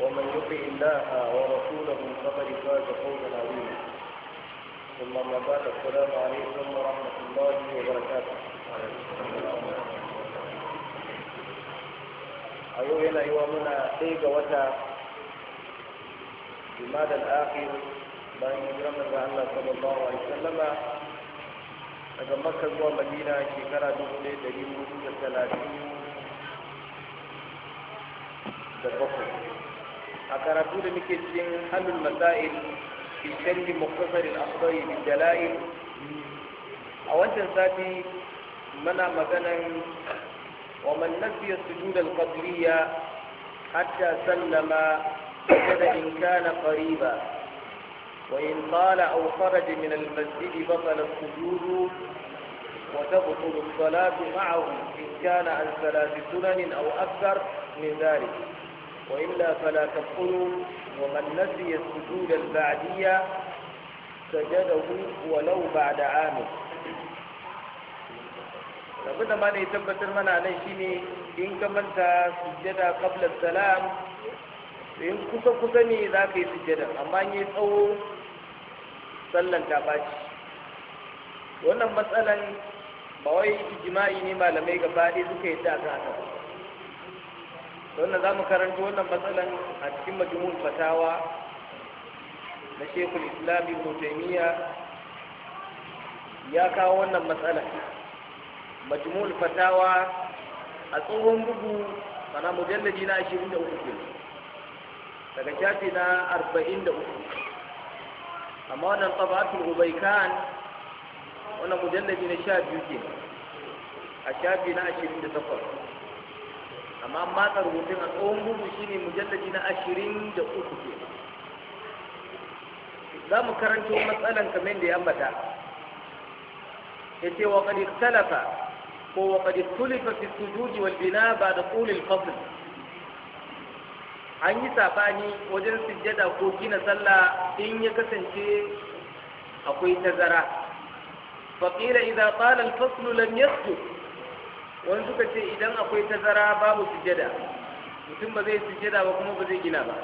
ومن يطع الله ورسوله فقد فاز فوزا عظيما ثم ما بعد السلام عليكم ورحمه الله وبركاته a yau yana yi wa muna sai ga wata jimadar akhir bayan hijiran da Allah sallallahu alaihi wasallama daga makka zuwa madina shekara 1437 da bakwai أكرتو لمكتن حل المسائل في شرح مختصر الأخضر بالدلائل أو أولا ساتي منع مثلا ومن نسي السجود القدرية حتى سلم وجد إن كان قريبا وإن قال أو خرج من المسجد بطل السجود وتبطل الصلاة معه إن كان عن ثلاث سنن أو أكثر من ذلك وإلا فلا تدخلوا ومن نسي السجود البعدية سجده ولو بعد عامه abin da ma ne tabbatar mana nan ne, in ka manta sujjada qabla salam in kusa kusa ne za ka yi sujjada amma in yi tsawo sallan ta baci wannan matsalan ba wai ijma'i ne malamai gaba ɗaya suka yi ta kan wannan za mu karanta wannan matsalan a cikin majmu'ul fatawa na shekul islam ibn taymiya ya kawo wannan matsalan majmu'ul fatawa a tsohon bugu mana mujallaji na 23 ke daga shafi na 43 amma wannan tabatul ubaikan wannan mujallaji na 12 ke a shafi na 28 amma matsa rubutun a tsohon bugu ne mujallaci na ashirin da uku ke za mu karanto matsalan kamar da ya ambata ya ce wa kadi talafa ko wa kadi tulifa fi sujudi wal bina ba da kulil kafin. an yi safani wajen sujjada ko gina sallah in ya kasance akwai tazara فقيل إذا طال الفصل لم يسجد wani suka ce idan akwai tazara babu sujada mutum ba zai sujada ba kuma ba zai gina ba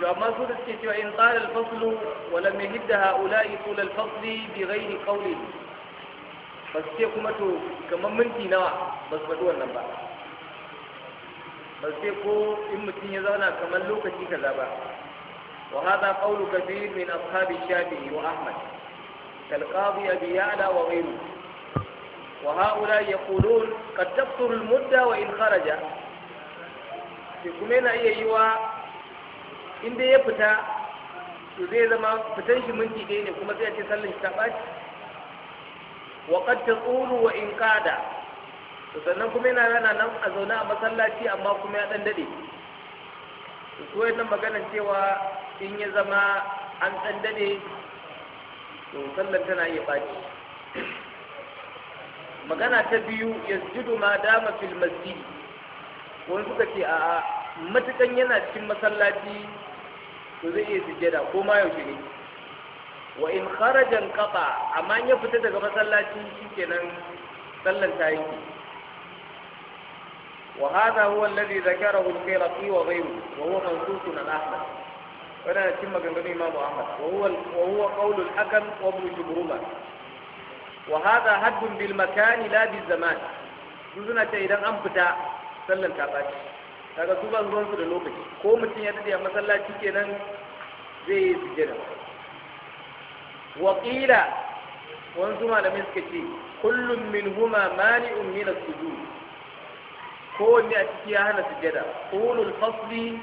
to amma su da suke cewa in tsara alfaslu wa lam yahidda haula'i tul alfasli bi ghairi qawli ba su ce kuma to kamar minti nawa ba su faɗi wannan ba ba su ce ko in mutum ya zauna kamar lokaci kaza ba wa hadha qawlu kathir min ashabi shafi'i wa ahmad kal qadi abi ya'la wa ghayruhu وهؤلاء يقولون قد تكثر المدة وإن خرج كمين أي يوا إن دي يفتا zai zama fitan shi minti ɗaya ne kuma sai a ce sallin ta ɓaci wa qad taqulu wa in qada to sannan kuma yana yana nan a zaune a masallaci amma kuma ya dan dade to so cewa in ya zama an dan to sallan tana iya ɓaci magana ta biyu yasjudu ma dama fil masjid wani suka ce a matukan yana cikin masallaci to zai iya sujjada ko ma yaushe ne wa in kharajan qata amma ya fita daga masallaci shikenan sallan ta yi wa hadha huwa alladhi dhakarahu al-qiraqi wa ghayru wa huwa mansusun al-ahmad wannan cikin maganganun imamu Ahmad wa huwa wa huwa qawlu al-hakam wa ibn Jubruma wa hadha haddun bil makani la zaman su suna ce idan an fita sallan ta baci daga su ban ruwan su da lokaci ko mutum ya dade a masallaci kenan zai yi sujjada wa qila wanzu malamai suka ce kullum min huma mani'un su as ko wani a ciki ya hana su sujjada qulul fasli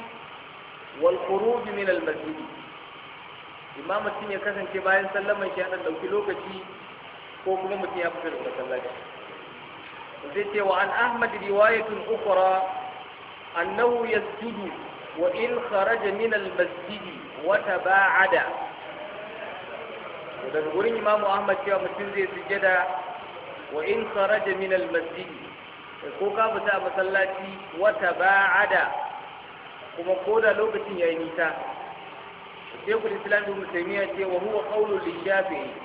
wal khuruj min al-masjid imam mutum ya kasance bayan sallaman shi ya ɗauki lokaci ko kuma mutum ya fito daga masallaci sai ce wa an ahmad riwayatun ukhra annahu yasjudu wa in kharaja min al-masjid wa taba'ada daga wurin imamu ahmad cewa mutum zai sujjada wa in kharaja min al ko ka fita a masallaci wa taba'ada kuma ko da lokacin yayi nisa shekul islam ibn taymiya ce wa huwa qawlu lishafi'i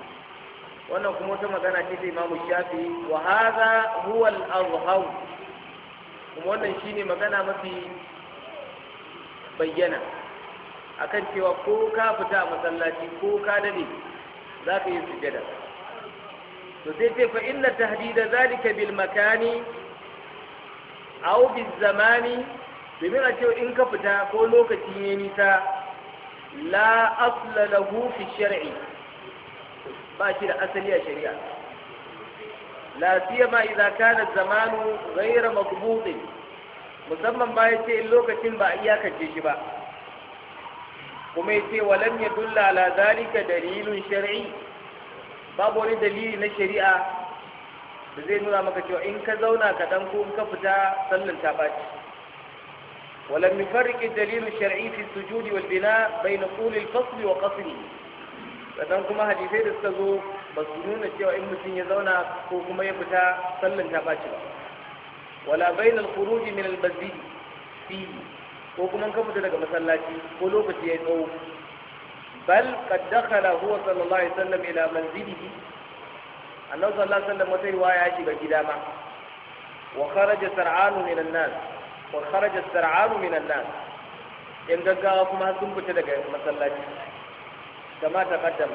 wannan kuma wata magana ce ta imamu shafi wa hadha huwa al-azhar kuma wannan shine magana mafi bayyana akan cewa ko ka fita a masallaci ko ka dade za ka yi sujjada to sai ce fa inna tahdida zalika bil makani aw bil zamani domin a cewa in ka fita ko lokaci ne nisa la asla lahu fi shar'i ba shi da asali a shari'a la siyama idza kana zamanu gaira maqbudin musamman ba ce in lokacin ba a iyakace shi ba kuma yace walam dulla ala zalika dalilun shar'i babu wani dalili na shari'a da zai nuna maka cewa in ka zauna ka dan ko ka fita sallan ta baci Walan yufarriqu dalilun shar'i fi sujudi wal bina bai qul al fasl wa qasrihi sannan kuma hadisai da suka zo ba su nuna cewa in mutum ya zauna ko kuma ya fita sallan ta ɓaci ba wala bainal khuruj min al-masjid fi ko kuma ka fita daga masallaci ko lokaci ya tsawo bal qad dakhala huwa sallallahu alaihi wasallam ila manzilihi annabi sallallahu alaihi wasallam wata waya ya shiga gida ma wa kharaja sar'anu min an-nas wa kharaja sar'anu min an-nas in gaggawa kuma sun fita daga masallaci كما تقدم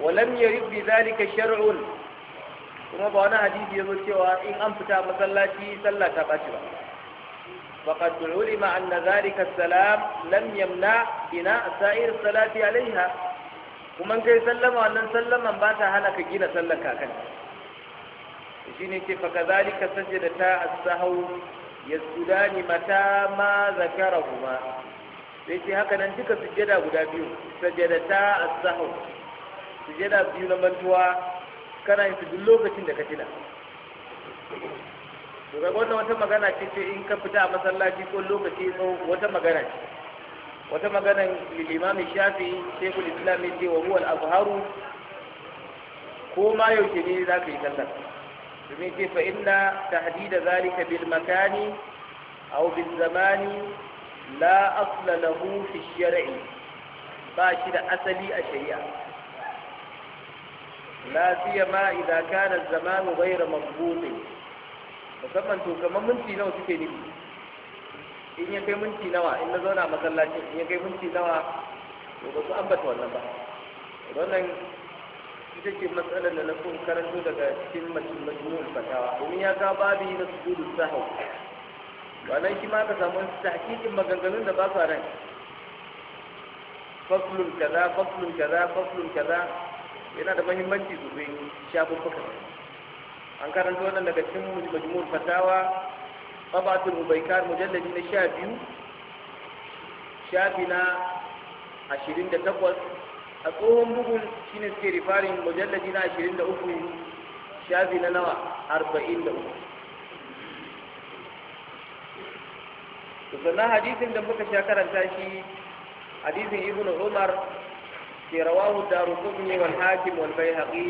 ولم يرد بذلك شرع kuma ba wani hadisi ya zo cewa in an fita masallaci sallah ta ɓaci ba faqad ulima anna dhalika salam lam yamna ina sa'ir salati alaiha kuma kai sallama wannan sallaman ba ta hana ka gina sallar kakan shine ce fa kadhalika ta as-sahw yasudani mata ma zakarahuma sai ce haka nan duka sujjada guda biyu sujjada ta as-sahw sujjada biyu na mantuwa kana yin su duk lokacin da ka tuna to ga wannan wata magana ce ce in ka fita a masallaci ko lokaci ko wata magana ce wata magana lil imam shafi shaykhul islam ce wa huwa al-azharu ko ma ce ne za ka yi sallar domin ce fa inna tahdida zalika bil makani aw bil zamani la asla lahu fi shar'i ba shi da asali a shari'a la siyama idan kana zamanu ghayra mabbuti musamman to kamar minti nawa suke nufi in ya kai minti nawa in na zauna masallaci. in ya kai minti nawa to ba su ambata wannan ba wannan ita ce matsalar da na kun karanto daga cikin majmu'ul fatawa domin ya ga babi na sujudu sahwi wannan shi ma ka samu tahqiqin maganganun da ba su ran faslun kaza faslun kaza faslun kaza yana da muhimmanci sosai shafin fuka an karanta wannan daga cikin majmu'ul fatawa qabatul mubaykar mujalladi na biyu shafi na 28 a tsohon bugun shine suke rifarin mujalladi na 23 shafi na nawa 43 to sannan hadisin da muka sha karanta shi hadisin ibn umar ke rawahu daruqutni wal hakim wal baihaqi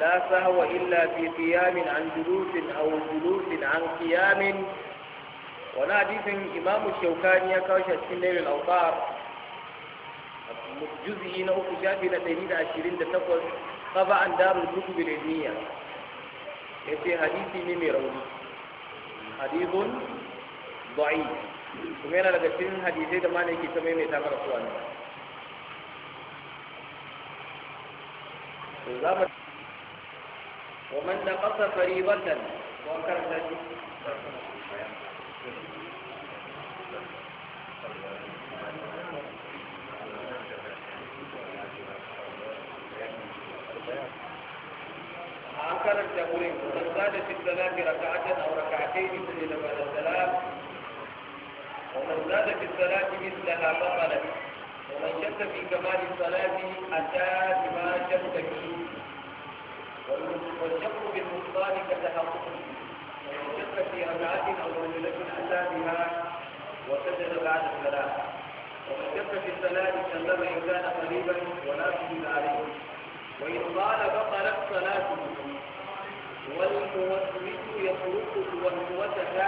la sahwa illa fi qiyamin an julusin aw julusin an qiyamin wani hadisin imamu shaukani ya kawo shi a cikin lailul awtar juz'i na uku shafi na ɗari da ashirin da takwas kaba an darul kutubul ilmiya yace hadisi ne mai rauni hadithun da'i kuma yana daga cikin hadisai da mana yake ta maimaita mara suwa ne to za mu wa man da qasa faribatan wa karanta shi عن كرم تقولين من زاد في الصلاة ركعة أو ركعتين فليس بعد السلام ومن زاد في الصلاة مثلها بطلت ومن شك في كمال الصلاة أتى بما شك فيه والشك بالنقصان كتحققه ومن شك في ركعة أو رجلة أتى بها وسجد بعد الصلاة ومن شك في الصلاة كلما إن كان قريبا ولا سجد عليه وإن قال بطلت صلاته والموسوس يخرج والموسوس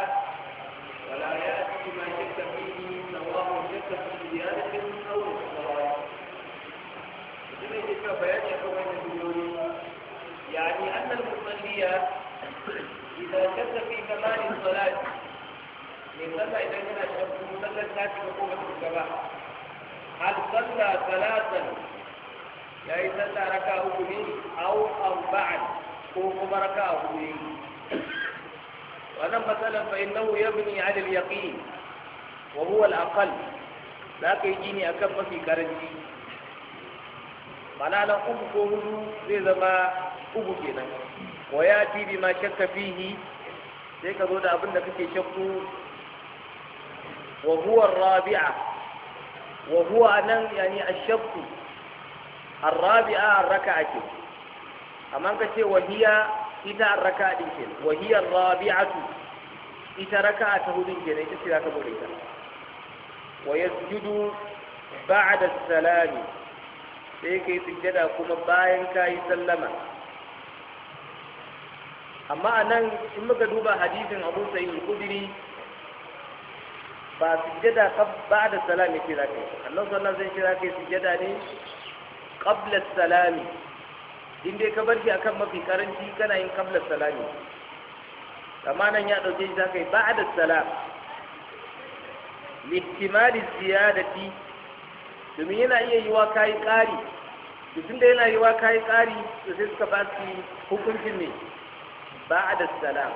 ولا يأتي بما شك فيه سواء شك في زيادة أو انقطاع إذا شك بيان يقوم الدلول يعني أن المصلي إذا شك في كمال الصلاة من صلى إذا كان شك مصلى الشاكي بقوة الجماعة هل صلى ثلاثا يعني صلى sallah raka uku ne au arba'an wannan matsalan fa innahu yabni ala al-yaqin wa huwa al-aqall za ka yi gini akan mafi karanci mana nan ko hudu zai zama uku kenan wa ya ti bi ma shakka fihi sai ka zo da abin da kake shakku wa huwa rabi'a wa huwa nan yani ash-shakku ke. الركعة ka ce تقول وهي ita an raka din ke wahiyar rabi'atu ita raka ta hudun ke ita ce za ka bude ta wa yasjudu ba'da salami sai kai yi sujjada kuma bayan ka yi sallama amma a nan in muka duba hadisin abu sayyid kudiri ba sujjada ba da salami ke za ka yi Allah sallallahu alaihi wasallam zai kira kai sujjada ne qabla salami inda ka barci akan mafi karanci kana yin sala salami amma nan ya dauke shi zaka yi ba'da salam lihtimali ziyadati domin yana iya wa kayi ƙari to da yana yiwa kayi ƙari to sai suka ba su hukuncin ne da salam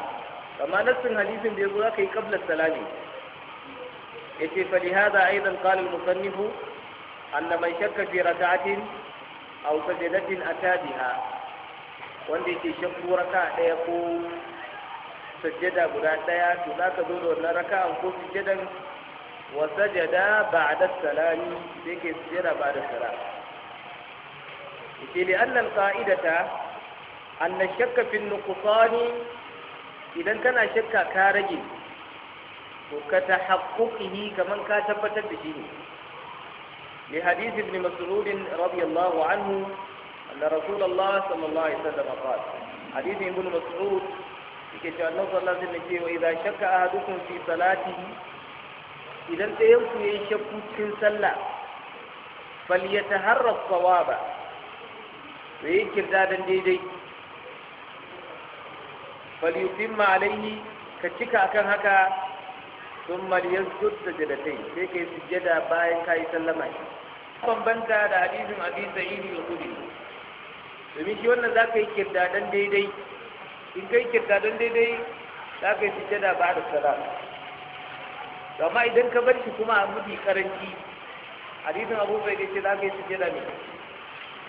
amma nassin hadisin da ya zaka yi ne. salami yace fa lihaza aidan qala al musannifu anna man shakka fi rak'atin aw sajadatin atabiha wanda yake shakku raka daya ko sajada guda daya to ka zo da wannan raka'an ko sujadan wa sajada ba'da salami sai ke sujada ba'da salam yake li annal qa'idata anna shakka fi nuqsani idan kana shakka ka rage to ka tahaqquqihi kaman ka tabbatar da shi ne لحديث ابن مسعود رضي الله عنه أن رسول الله صلى الله عليه وسلم قال حديث ابن مسعود yake cewa nan sallallahu alaihi wasallam wa fi salatihi idan ɗayan ku yayi shakku cikin sallah falyataharra sawaba to yi kirdadan daidai falyutimma alaihi ka cika haka sun mariyar zurta dafai sai ka yi sujjada bayan ka yi sallama shi bambanta da hadisin abi sa'idi ya kudi domin shi wannan za ka yi kirdadan daidai in kai kirdadan daidai za ka yi sujjada ba da salam amma idan ka bar shi kuma a mudi karanci hadisin abu ya ce za ka yi sujjada ne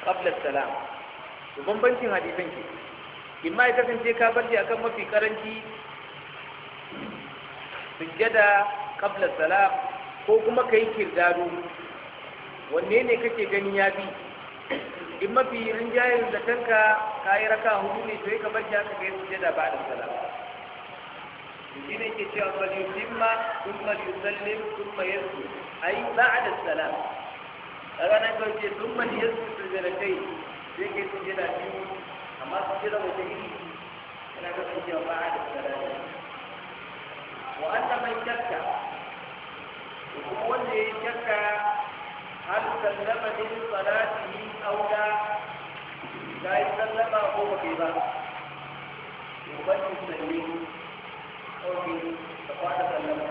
qabla salam to bambancin hadisan ke imma ya kasance ka bar shi akan mafi karanci sujjada qabla salam ko kuma kai kirdado wanne ne kake gani ya bi in mafi da kanka ka yi raka hudu ne to ya kamar ya ka kai sujjada ba da salam shi ne ke cewa bal yutimma thumma yusallim thumma yasjud ai ba'da salam kaga nan ko ce thumma yasjud sujjadatai sai ke sujjada ne amma sujjada wata iri kana ga sujjada ba'da salam وأن من شك يقول لي شك هل سلم من صلاته أو لا لا يسلم هو بها يبين السليم أو في فقال سلم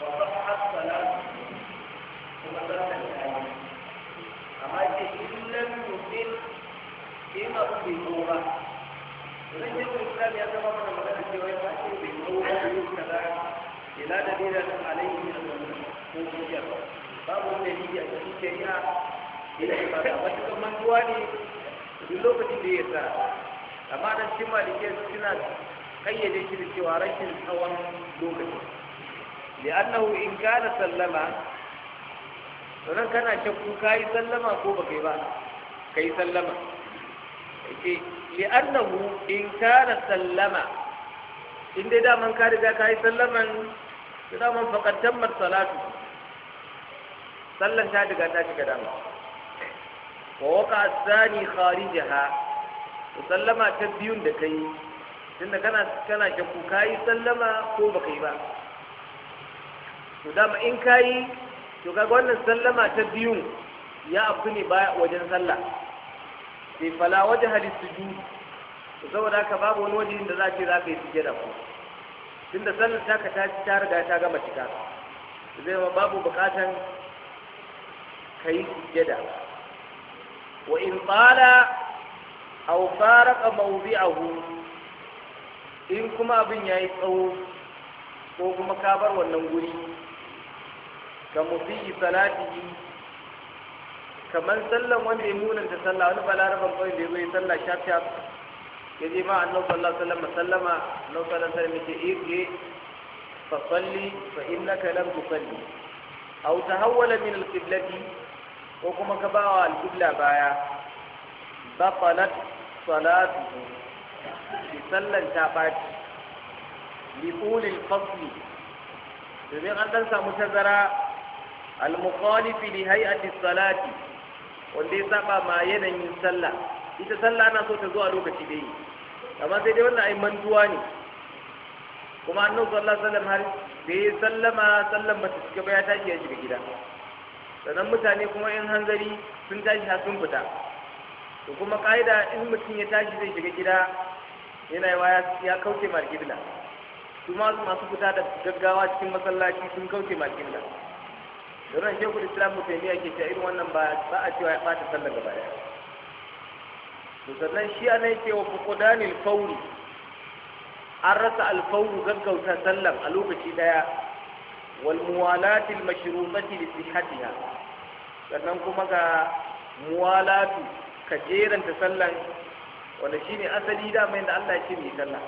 وصحت صلاته ثم صلاة الآية أما إن لم يقل قيمة بالنورة لن يكون الإسلام يتمكن من أن يكون بالنورة يكتب ila dalilin alaihi min al-sunnah ko hujja babu wanda yake a cikin shari'a ila ibada wata kan mantuwa ne duk lokacin da yasa. amma dan shi malike suna kayyade shi da cewa rashin tsawon lokaci li'annahu in kana sallama sannan kana shakku kayi sallama ko baka yi ba kai sallama yake li'annahu in kana sallama in dai daman ka riga ka yi sallaman da daman fakattan salatu sallan ta riga ta shiga dama wa waka zani kharijaha to sallama ta biyun da kai tunda kana kana shakku ka yi sallama ko baka yi ba to dama in ka yi to kaga wannan sallama ta biyun ya abu ne ba wajen sallah sai fala wajen hadis sujud to saboda haka babu wani wajen da za ce za ka yi da ko tun da taka ta ci ta riga ta gama cika zai ma babu bukatan ka yi da wa in tsala mawuzi a hu in kuma abin ya yi tsawo ko kuma ka bar wannan guri ka salati yi kamar sallan wanda ya munanta sallah wani balarabar kawai da ya zai sallah shafi Ka je ma annabi sallallahu alaihi wasallam sallama annabi sallallahu alaihi wasallam ya ce fa salli fa innaka lam tusalli aw ko kuma ka bawa al-qibla baya batalat salatuhu shi sallan ta baci li ulil fasli domin an dan samu tazara al fili, li hay'ati salati wanda ya saba ma yanayin sallah ita sallah ana so ta zuwa lokaci dai amma sai dai wannan ai mantuwa ne kuma annabi sallallahu alaihi wasallam har da ya sallama sallan bata cika ba ya tashi ya shiga gida sannan mutane kuma in hanzari sun tashi ha sun fita to kuma ka'ida in mutum ya tashi zai shiga gida yana yawa ya kauce ma alƙibla su masu fita da gaggawa cikin masallaci sun kauce ma alƙibla don da islam mutum ya ke cewa irin wannan ba a cewa ya ɓata sallar gaba daya to sannan shi ana yake wa fuqdanil fawri an rasa alfawru gaggauta sallan a lokaci daya wal muwalatil mashrutati li sihhatiha sannan kuma ga muwalatu ka jeranta sallan wanda shine asali da mai da Allah yake mai sallah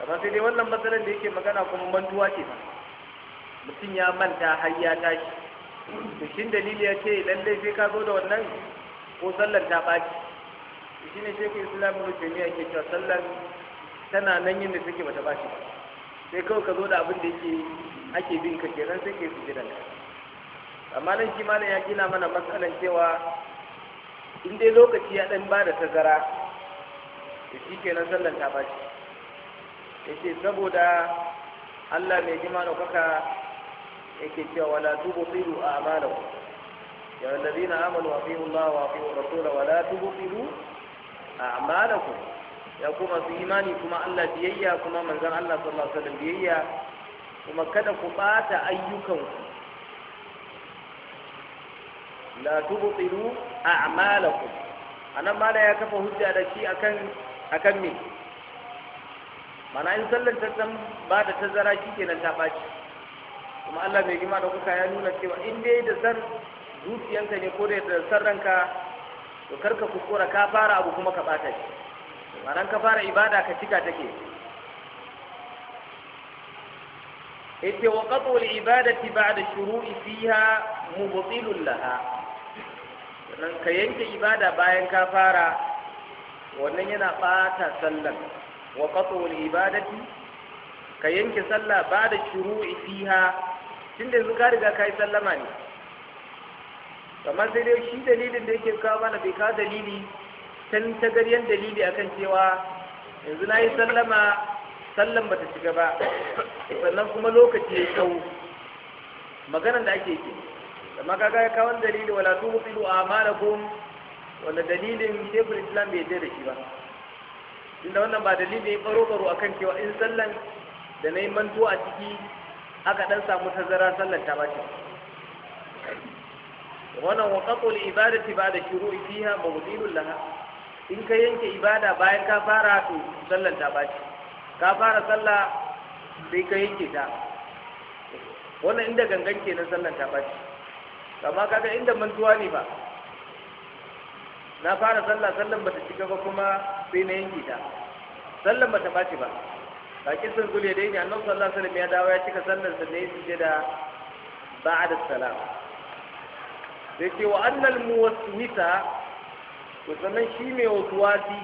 kamar sai dai wannan matsalar da yake magana kuma mantuwa ce ba mutum ya manta har ya tashi to shin dalili ya ce lallai sai ka zo da wannan ko sallar ta ɓaci shi ne shekul islam ibn taymiya ke cewa sallar tana nan yin da take bata bashi sai kawai ka zo da abin da yake ake bin ka kenan sai kai sujada amma nan shi malam ya gina mana matsalan cewa in dai lokaci ya dan ba da tazara da shi kenan sallar ta bashi ce saboda Allah mai jima da kaka yake cewa wala a amalau ya alladhina amanu wa aqimu Allah wa aqimu rasula wala tsiru? a'malakum ya ku masu imani kuma Allah biyayya kuma manzan Allah sallallahu alaihi wasallam biyayya kuma kada ku bata ayyukanku la tubtilu a'malakum anan da ya kafa hujja da shi akan akan me mana in sallar ta san ba da tazara kenan ta baci kuma Allah bai gima da kuka ya nuna cewa in dai da san zuciyanka ne ko da san ranka to karka kukura ka fara abu kuma ka bata shi ma'anan ka fara ibada ka cika take ita wa qatu ibadati ibadati ba'da shuru'i fiha mubtilun laha nan ka yanke ibada bayan ka fara wannan yana bata sallan? wa qatu ibadati ka yanke sallah ba da shuru'i fiha tunda yanzu ka riga kai sallama ne kamar dai shi dalilin da yake kawo mana bai kawo dalili can ta garyan dalili akan cewa yanzu na yi sallama sallan bata shiga ba sannan kuma lokaci ya tsawo maganan da ake ke amma kaga ya kawo dalili wala tubtilu a'malakum wanda dalilin shekul islam bai yarda da shi ba inda wannan ba dalili ya baro baro akan cewa in sallan da na yi mantuwa a ciki aka dan samu tazara sallan ta bace wannan wa shiru, ifi ha, shuru'i fiha mawdilun laha in ka yanke ibada bayan ka fara to sallar ta ce. ka fara sallah sai ka yanke ta wannan inda gangan kenan sallar ta ce amma kaga inda mantuwa ne ba na fara sallah sallan bata cika ba kuma sai na yanke ta sallan bata ta ba bakin sun zule dai ne annabi sallallahu alaihi wasallam ya dawo ya cika sallar sa ne su da ba'da salama da ke wa annal muwaswisa to sannan shi mai wasuwasi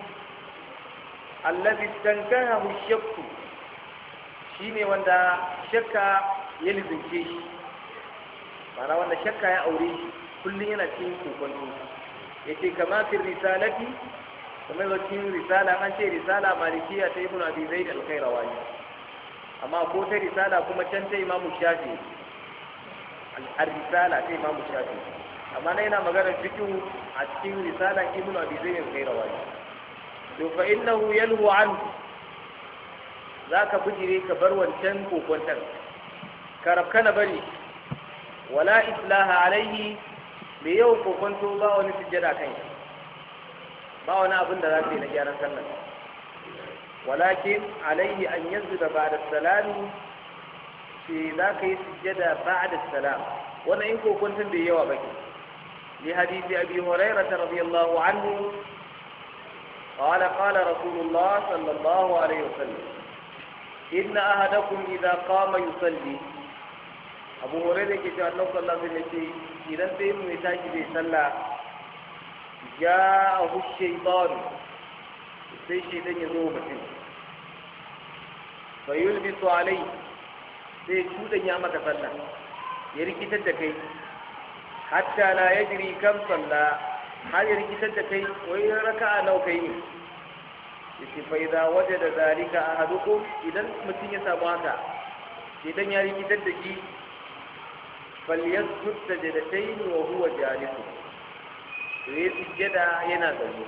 allazi tankahu shi ne wanda shakka ya lizince shi mana wanda shakka ya aure shi kullum yana cikin ya ce kama fi risalati kamar yau cikin risala an ce risala malikiya ta zai da zaid rawa ne amma ko ta risala kuma can ta imamu shafi al-risala ta imamu shafi amma na yana magana fikihu a cikin risalan ibnu abi zayd al-qayrawani to fa innahu yalhu anhu zaka bijire ka bar wancan kokontan ka rabkana bari wala islaha Alayhi, me yau kokonto ba wani sujjada kan shi ba wani abin da za ka yi na gyaran sallar walakin alaihi an yanzu da ba'da salami sai za ka yi sujjada ba'da salam wannan in kokonton bai yawa ba ke لحديث أبي هريرة رضي الله عنه قال قال رسول الله صلى الله عليه وسلم إن أهدكم إذا قام يصلي أبو هريرة كتاب الله صلى الله عليه وسلم إذا انتهم نتاج بيسلا جاءه الشيطان الشيطان شيطان يزوه فيلبس عليه سي شو دنيا ما يريكي تتكي hatta la yajri kam salla har ya rikitar da kai wai raka'a nau kai ne yace fa idza wajada zalika ahadukum idan mutum ya samu haka idan ya rikitar da shi falyasjud sajdatayn wa huwa jalis to yi yana zaune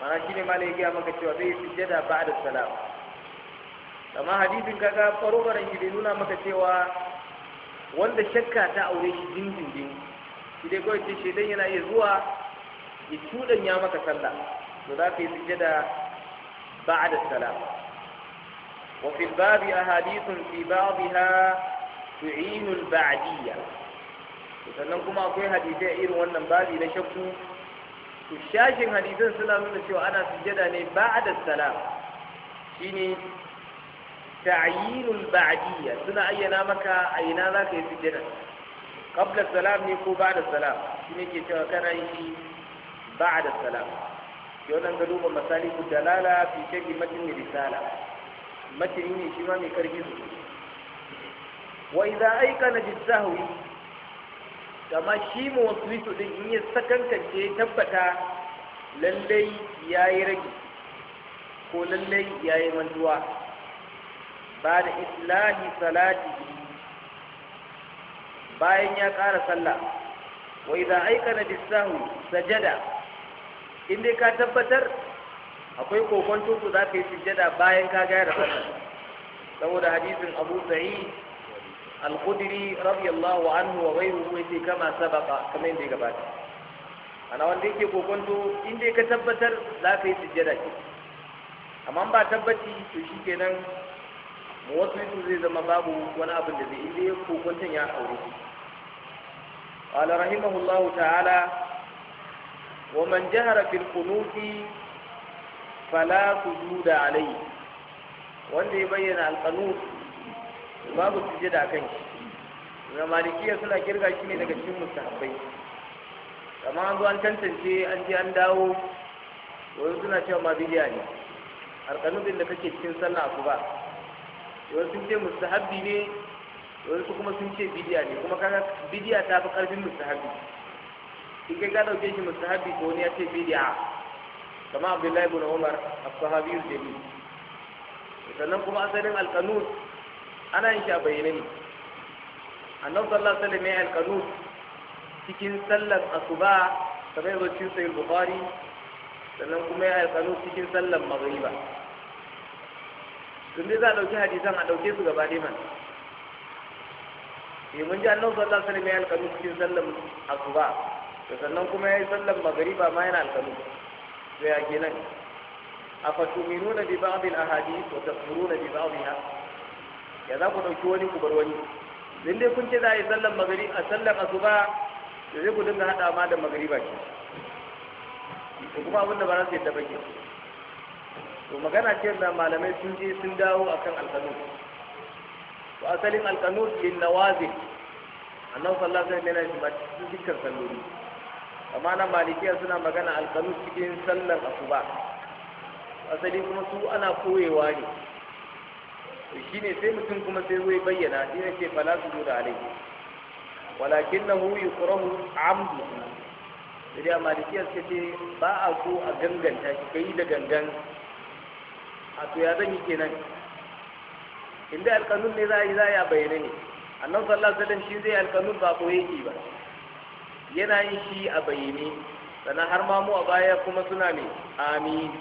mana shine malai ya maka cewa zai sujjada ba'da salam amma hadisin kaga farubaran shi bai nuna maka cewa wanda shakka ta aure shi dindindin shi dai kawai ce shaidan yana iya zuwa ya cuɗan ya maka sallah to za ka yi sujjada بعد السلام وفي الباب أحاديث في بعضها تعين البعدية sannan kuma akwai hadisai irin wannan babi na shakku to shashin hadisan suna nuna cewa ana sujjada ne ba'da salam shine ta'yinul ba'diyya suna ayyana maka a ina za ka yi sujjada qabla salam ne ko ba'da salam shine ke cewa kana yi ba'da salam yau nan ga duba misali ku dalala fi shagi matin risala matin ne shi ma mai karfi su wa idza aikana bis sahwi kama shi mu wasu din in sakankance tabbata lallai yayi rage ko lallai yayi mantuwa ba da islahi salati bayan ya ƙara sallah wa idan aikana bisahu sajada in dai ka tabbatar akwai kokonto ku za ka yi sujjada bayan ka gaya da sallah saboda hadisin abu sa'id al-khudri radiyallahu anhu wa ghayruhu yace kama sabaqa kamar yadda gabata ana wanda yake kokonto in dai ka tabbatar za ka yi sujjada ki amma ba tabbaci to shikenan Wasu muwasilisu zai zama babu wani abin da zai ko kwantan ya aure shi قال رحمه ta'ala wa ومن جهر في القنوت فلا سجود alai. wanda ya bayyana alƙanus babu sujada a kan shi na malikiya suna kirga shi ne daga cikin mustahabbai kama an zo an tantance an je an dawo wani suna cewa ma bidiya ne alƙanusin da kake cikin sallah ku ba wani sun ce mustahabbi ne wani su kuma sun ce bidiya ne kuma kaga bidiya ta fi karfin mustahabbi in kai ka dauke shi mustahabbi ko wani ya ce bidiya kama abdullahi ibn umar as-sahabiyyu jami sannan kuma asalin alqanut ana yin shi a bayyane ne annabi sallallahu alaihi wasallam ya alqanut cikin sallar asuba kamar yadda cikin sahih bukhari sannan kuma ya alqanut cikin sallar maghriba dai za a ɗauki hadisan a ɗauke su gaba dai mana eh mun ji annabi sallallahu alaihi wasallam ya alƙalu cikin sallar asuba to sannan kuma ya yi sallar magariba ma yana alƙalu to ya kenan afatuminuna bi ba'd al-ahadith wa na bi ba'dha ya za ku ɗauki wani ku bar wani din dai kun ce za a yi sallar magari a sallar asuba da zai ku dinga haɗa ma da magariba ce kuma abin da ba za su yadda ba ke to magana ce da malamai sun je sun dawo akan alkanut to asalin alkanut lin nawazi annabi sallallahu alaihi wasallam yana cikin dukkan salloli amma na malikiya suna magana alkanut cikin sallar asuba asali kuma su ana koyewa ne to shine sai mutum kuma sai zai bayyana shi ne ce fala su da alaihi walakinahu yukrahu amdu sai da malikiya suka ce ba a so a ganganta shi kai da gangan a to ya zan yi kenan In dai alkanun ne za a yi za a bayyane ne annan sallah alaihi shi zai alkanun ba ko yake ba yana yin shi a bayyane sannan har ma mu a baya kuma suna ne amin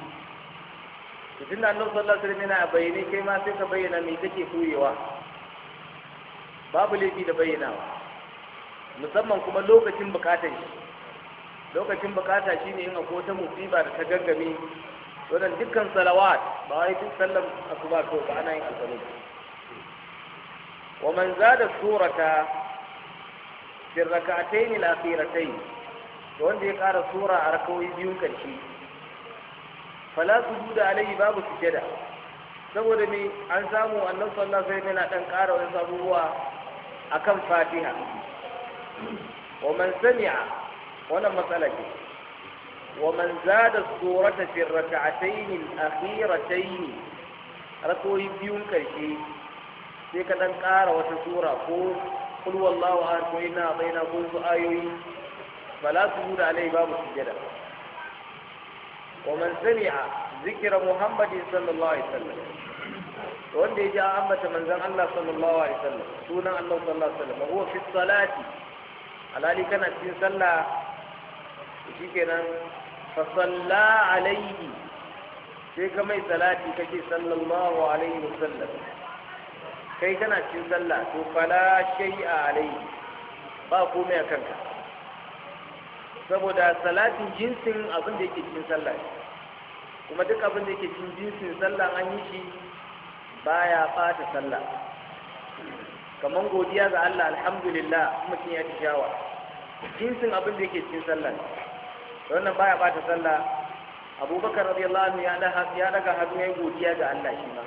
to tunda annan sallah alaihi yana a bayyane kai ma sai ka bayyana me kake koyewa babu laifi da bayyanawa musamman kuma lokacin bukatar shi lokacin bukata ne in akwai wata musiba da ta gaggame wannan dukkan salawat ba wai duk sallan asuba to ba ana yin alqanut wa man zada surata fi rak'atayn al-akhiratayn wanda ya ƙara sura a rakawoyi biyun karshe fala sujuda alayhi babu sujada saboda me an samu annabi sallallahu alaihi wasallam yana dan kara wani a akan fatiha wa man sami'a wannan matsala ce ومن زاد السورة في الركعتين الأخيرتين ركوه بيون كرشي سيكا تنقار وتسورة قول قل والله أهل كوينا أعطينا قول آيوي فلا سجود عليه باب السجدة ومن سمع ذكر محمد صلى الله عليه وسلم wanda ya ji an ambata manzon Allah sallallahu alaihi wasallam sunan Allah sallallahu alaihi wasallam huwa fi salati alali kana cikin sallah shikenan fasalla alaihi sai ka mai salati kake sallallahu alaihi wasallam kai kana cin sallah to fala a alaihi ba komai a kanka saboda salatin jinsin abin da yake cin sallah kuma duk abin da yake cin jinsin sallah an yi shi baya bata sallah kaman godiya ga Allah alhamdulillah mutum ya ci shawa jinsin abin da yake cin sallah wannan baya bata sallah abubakar radiyallahu anhu ya daga hannu ya godiya ga Allah shi ma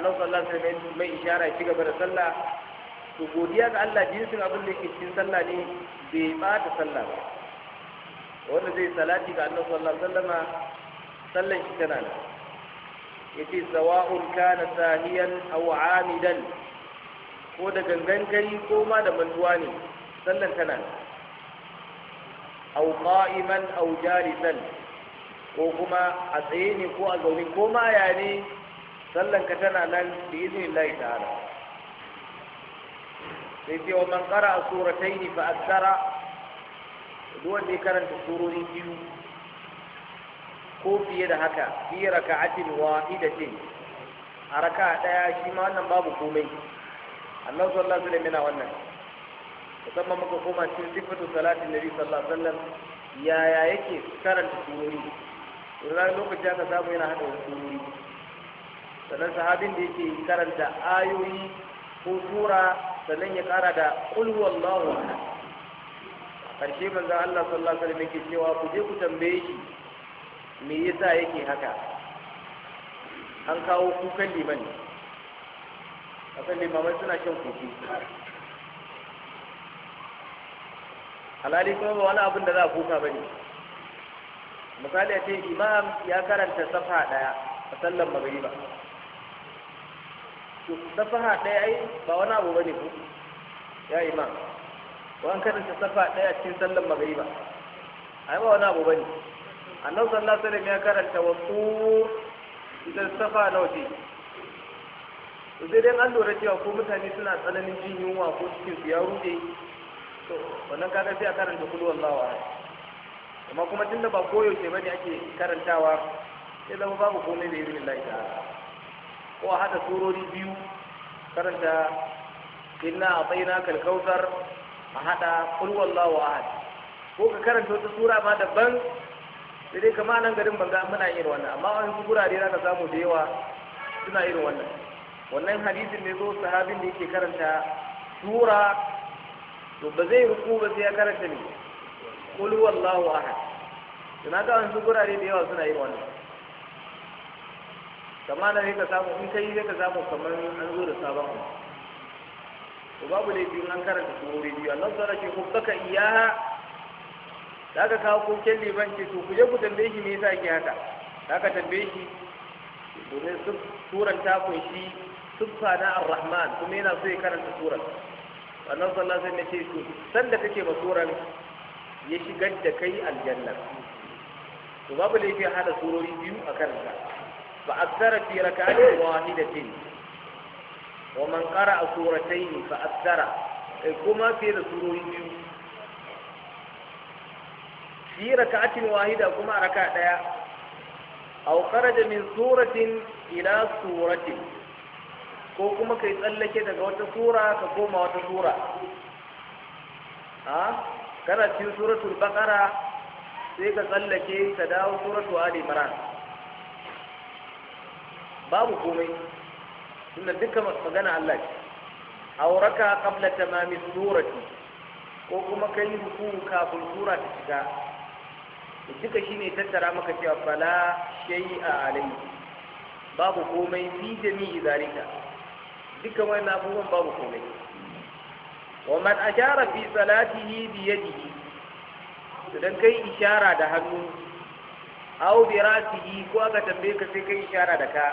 Allah sallallahu alaihi wasallam mai ishara shi ci gaba da sallah to godiya ga Allah jinsin abin da yake cikin sallah ne bai bata sallah ba wanda zai salati ga Allah sallallahu alaihi wasallama sallan shi tana nan yace sawa'un kana sahiyan aw amidan ko da gangan gari ko ma da mantuwa ne sallan tana nan au iman au jalisan ko kuma a tsaye ne ko a zaune ko ma ya ne sallan ka tana nan bi iznillahi ta'ala sai ce wa man qara suratayn fa akthara duk wanda ya karanta surori biyu ko fiye da haka fi raka'atin a daya shi ma wannan babu komai wannan musamman muka koma cikin sifatu salatin nabi sallallahu alaihi wasallam yaya yake karanta surori wani lokaci aka samu yana hada surori sannan sahabin da yake karanta ayoyi ko sura sannan ya kara da qul huwallahu ahad karshe manzo Allah sallallahu alaihi wasallam yake cewa ku je ku tambaye shi me yasa yake haka an kawo kukan liman kan limaman suna shan kuki halali kuma ba wani abin da za a kuka ba ne misali a ce imam ya karanta safa ɗaya a sallan ba to safa ɗaya ai ba wani abu ba ne ku ya imam wani karanta safa ɗaya cikin sallan A ai ba wani abu ba ne annabi sallallahu alaihi wasallam ya karanta wa idan safa nawa ce sai dai an lura cewa ko mutane suna tsananin jin yunwa ko cikin su ya rude to wannan kaga sai a karanta kullu wallahu ahad amma kuma tunda ba koyaushe bane ake karantawa sai zama babu komai da yin Allah ta ko a hada surori biyu karanta inna atayna kal kautsar a hada kullu wallahu ahad ko ka karanta wata sura ma daban sai dai kama nan garin banga muna yin wannan amma wani gurare za ka samu da yawa suna yin wannan wannan hadisin ne zo sahabin da yake karanta sura to ba zai ruku ba sai ya karanta ne qul Wallahu ahad to na ga wasu gurare da yawa suna yi wannan kamar nan ka samu in kai sai ka samu kamar an zo da sabon to babu laifi in an karanta surori biyu Allah ke rake hubbaka iyaha da ka kawo koken liban ce to ku je ku tambaye shi me yasa ke haka da ka tambaye shi domin suran ta kunshi suffa na ar-rahman kuma yana so ya karanta suran annabi sallah alaihi wasallam shi. ce sanda kake basuran ya shigar da kai aljanna to babu laifi hada surori biyu a kanka fa aksara fi rak'atin wahidatin wa man qara'a suratayn fa aksara kai eh, kuma fiye da surori biyu fi rak'atin wahida kuma raka daya aw kharaja min suratin ila suratin ko kuma ka yi tsallake daga wata sura ka koma wata sura kana cikin suratul baqara sai ka tsallake ka dawo suratul ali imran babu komai tunda dukkan magana Allah ce auraka qabla tamami surati ko kuma kai ruku kafin sura ta shiga duka shine tattara maka cewa fala shay'a alayhi babu komai fi jami'i zalika dukkan wayannan abubuwan babu komai wa man ashara fi salatihi bi yadihi idan kai ishara da hannu aw bi rasihi ko aka tambaye ka sai kai ishara da ka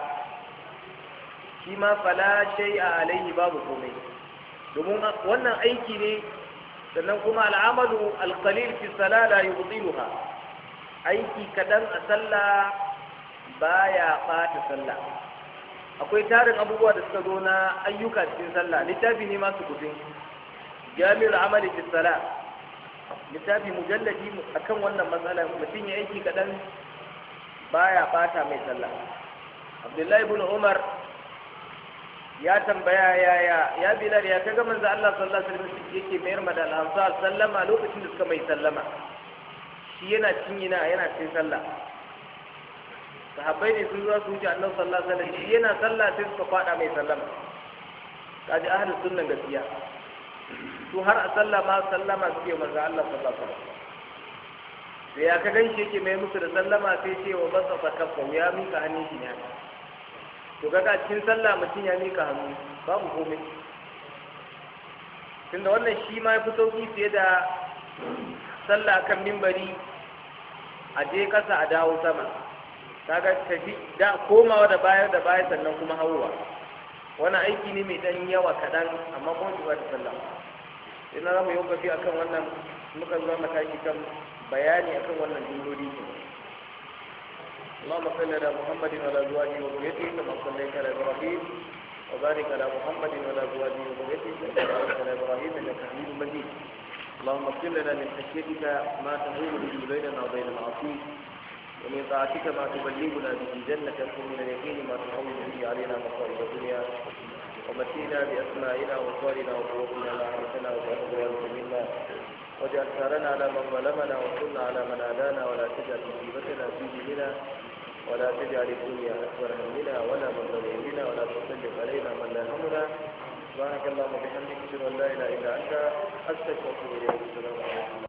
shi ma fala a alaihi babu komai domin wannan aiki ne sannan kuma al'amalu alqalil fi salah la aiki kadan a sallah baya ɓata sallah akwai tarin abubuwa da suka zo na ayyuka cikin sallah littafi ne masu kudin jami'ar amali fi sala littafi mujalladi akan wannan matsala mutum ya aiki kaɗan baya bata mai sallah abdullahi ibn umar ya tambaya yaya ya bilal ya kaga manzo Allah sallallahu alaihi wasallam yake mayar ma da al sallama lokacin da suka mai sallama shi yana cikin yana cin sallah sahabbai ne sun zo su wuce annabi sallallahu alaihi wasallam shi yana sallah sai suka fada mai sallama kaji ahli sunna gaskiya su har a sallah ma sallama suke manzo Allah sallallahu alaihi wasallam da ya ka ganshi yake mai musu da sallama sai ce wa basa fakaffa ya mika hannun shi ne to kaga cikin sallah mutum ya mika hannu babu komai tunda wannan shi ma ya fi sauki fiye da sallah kan mimbari a je kasa a dawo sama kaga tafi da komawa da bayar da bayar sannan kuma hauwa, wani aiki ne mai dan yawa kadan amma kuma ji wata sallah Ina za zamu yi akan wannan muka zuwa mataki kan bayani akan wannan jumloli ne اللهم صل على محمد وعلى ازواجه وذريته كما صليت على ابراهيم وبارك على محمد وعلى ازواجه وذريته كما باركت على ابراهيم انك حميد مجيد اللهم اغفر لنا من خشيتك ما تهون به بيننا وبين معصيتك ومن طاعتك ما تبلغنا به جنه ومن اليقين ما تحول به علينا مصائب الدنيا ومتينا بأسمائنا وأبصارنا وقوتنا ما أحيتنا واجعل ذلك منا واجعل ثارنا على من ظلمنا وانصرنا على من عادانا ولا تجعل مصيبتنا في ديننا ولا تجعل الدنيا أكبر همنا ولا مبلغ علمنا ولا تسلط علينا من لا همنا سبحانك اللهم وبحمدك أشهد أن لا إله إلا أنت أستغفرك وأتوب إليك السلام عليكم